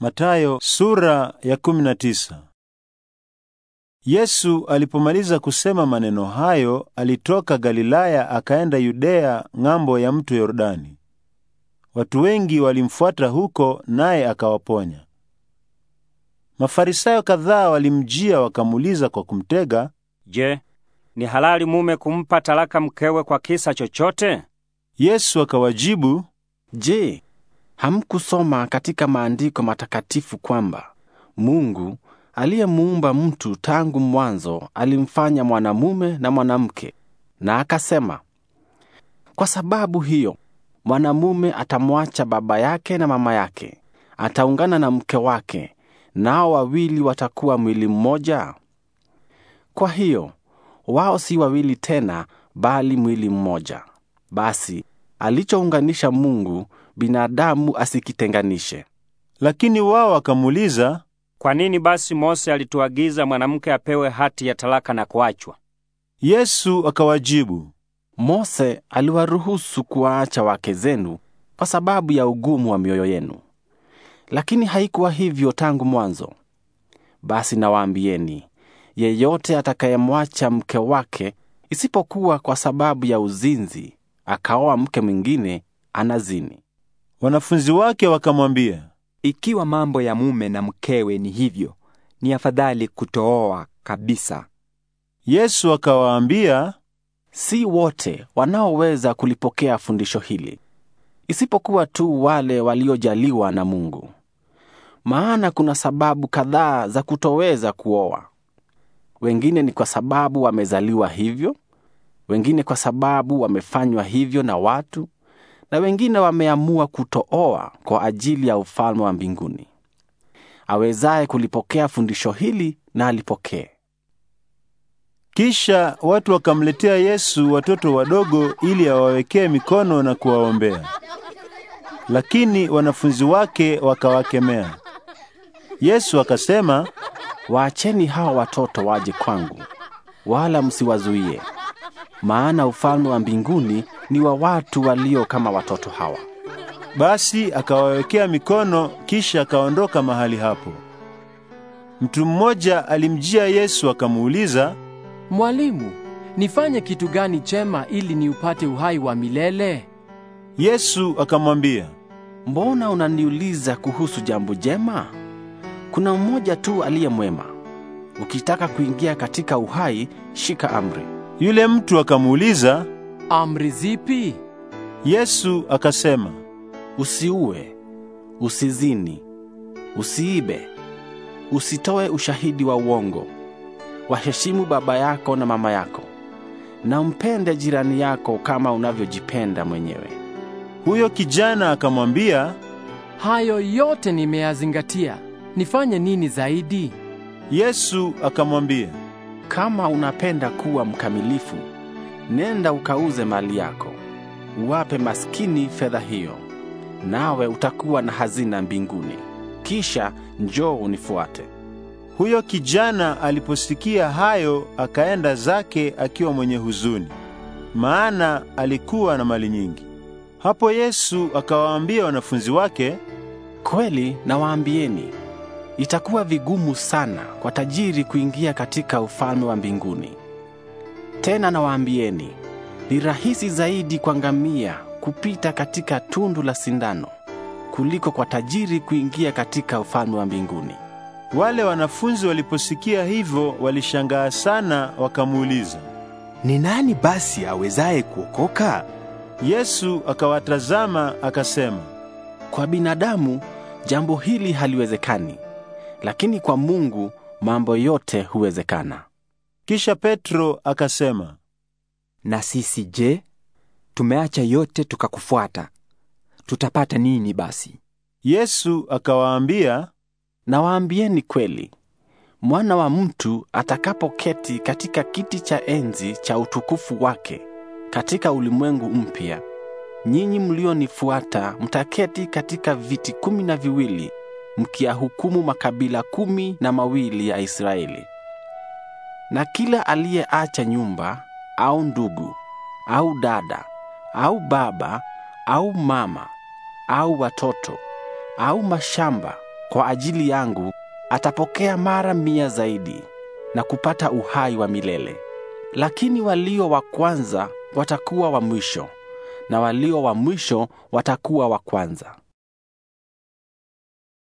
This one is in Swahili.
Matayo sura ya tisa. Yesu alipomaliza kusema maneno hayo, alitoka Galilaya akaenda Yudea ng'ambo ya mto Yordani. Watu wengi walimfuata huko naye akawaponya. Mafarisayo kadhaa walimjia wakamuuliza kwa kumtega, "Je, ni halali mume kumpa talaka mkewe kwa kisa chochote?" Yesu akawajibu, "Je, Hamkusoma katika maandiko matakatifu kwamba Mungu aliyemuumba mtu tangu mwanzo alimfanya mwanamume na mwanamke, na akasema, kwa sababu hiyo mwanamume atamwacha baba yake na mama yake, ataungana na mke wake, nao wawili watakuwa mwili mmoja. Kwa hiyo wao si wawili tena, bali mwili mmoja. Basi alichounganisha Mungu binadamu asikitenganishe. Lakini wao wakamuuliza, kwa nini basi Mose alituagiza mwanamke apewe hati ya talaka na kuachwa? Yesu akawajibu, Mose aliwaruhusu kuwaacha wake zenu kwa sababu ya ugumu wa mioyo yenu, lakini haikuwa hivyo tangu mwanzo. Basi nawaambieni, yeyote atakayemwacha mke wake isipokuwa kwa sababu ya uzinzi, akaoa mke mwingine, anazini. Wanafunzi wake wakamwambia, ikiwa mambo ya mume na mkewe ni hivyo, ni afadhali kutooa kabisa. Yesu akawaambia, si wote wanaoweza kulipokea fundisho hili, isipokuwa tu wale waliojaliwa na Mungu. Maana kuna sababu kadhaa za kutoweza kuoa. Wengine ni kwa sababu wamezaliwa hivyo, wengine kwa sababu wamefanywa hivyo na watu, na wengine wameamua kutooa kwa ajili ya ufalme wa mbinguni. Awezaye kulipokea fundisho hili na alipokee. Kisha watu wakamletea Yesu watoto wadogo ili awawekee mikono na kuwaombea, lakini wanafunzi wake wakawakemea. Yesu akasema, waacheni hawa watoto waje kwangu, wala msiwazuie maana ufalme wa mbinguni ni wa watu walio kama watoto hawa. Basi akawawekea mikono, kisha akaondoka mahali hapo. Mtu mmoja alimjia Yesu akamuuliza, Mwalimu, nifanye kitu gani chema ili niupate uhai wa milele? Yesu akamwambia, Mbona unaniuliza kuhusu jambo jema? Kuna mmoja tu aliye mwema. Ukitaka kuingia katika uhai, shika amri. Yule mtu akamuuliza, amri zipi? Yesu akasema, usiue, usizini, usiibe, usitoe ushahidi wa uongo, waheshimu baba yako na mama yako, na mpende jirani yako kama unavyojipenda mwenyewe. Huyo kijana akamwambia, hayo yote nimeyazingatia, nifanye nini zaidi? Yesu akamwambia kama unapenda kuwa mkamilifu, nenda ukauze mali yako, uwape maskini fedha hiyo, nawe utakuwa na hazina mbinguni. Kisha njoo unifuate. Huyo kijana aliposikia hayo, akaenda zake akiwa mwenye huzuni, maana alikuwa na mali nyingi. Hapo Yesu akawaambia wanafunzi wake, kweli nawaambieni itakuwa vigumu sana kwa tajiri kuingia katika ufalme wa mbinguni. Tena nawaambieni, ni rahisi zaidi kwa ngamia kupita katika tundu la sindano kuliko kwa tajiri kuingia katika ufalme wa mbinguni. Wale wanafunzi waliposikia hivyo walishangaa sana, wakamuuliza, ni nani basi awezaye kuokoka? Yesu akawatazama akasema, kwa binadamu jambo hili haliwezekani, lakini kwa Mungu mambo yote huwezekana. Kisha Petro akasema, na sisi je, tumeacha yote tukakufuata, tutapata nini basi? Yesu akawaambia, nawaambieni kweli, mwana wa mtu atakapoketi katika kiti cha enzi cha utukufu wake katika ulimwengu mpya, nyinyi mlionifuata mtaketi katika viti kumi na viwili mkiyahukumu makabila kumi na mawili ya Israeli. Na kila aliyeacha nyumba au ndugu au dada au baba au mama au watoto au mashamba kwa ajili yangu atapokea mara mia zaidi na kupata uhai wa milele. Lakini walio wa kwanza watakuwa wa mwisho na walio wa mwisho watakuwa wa kwanza.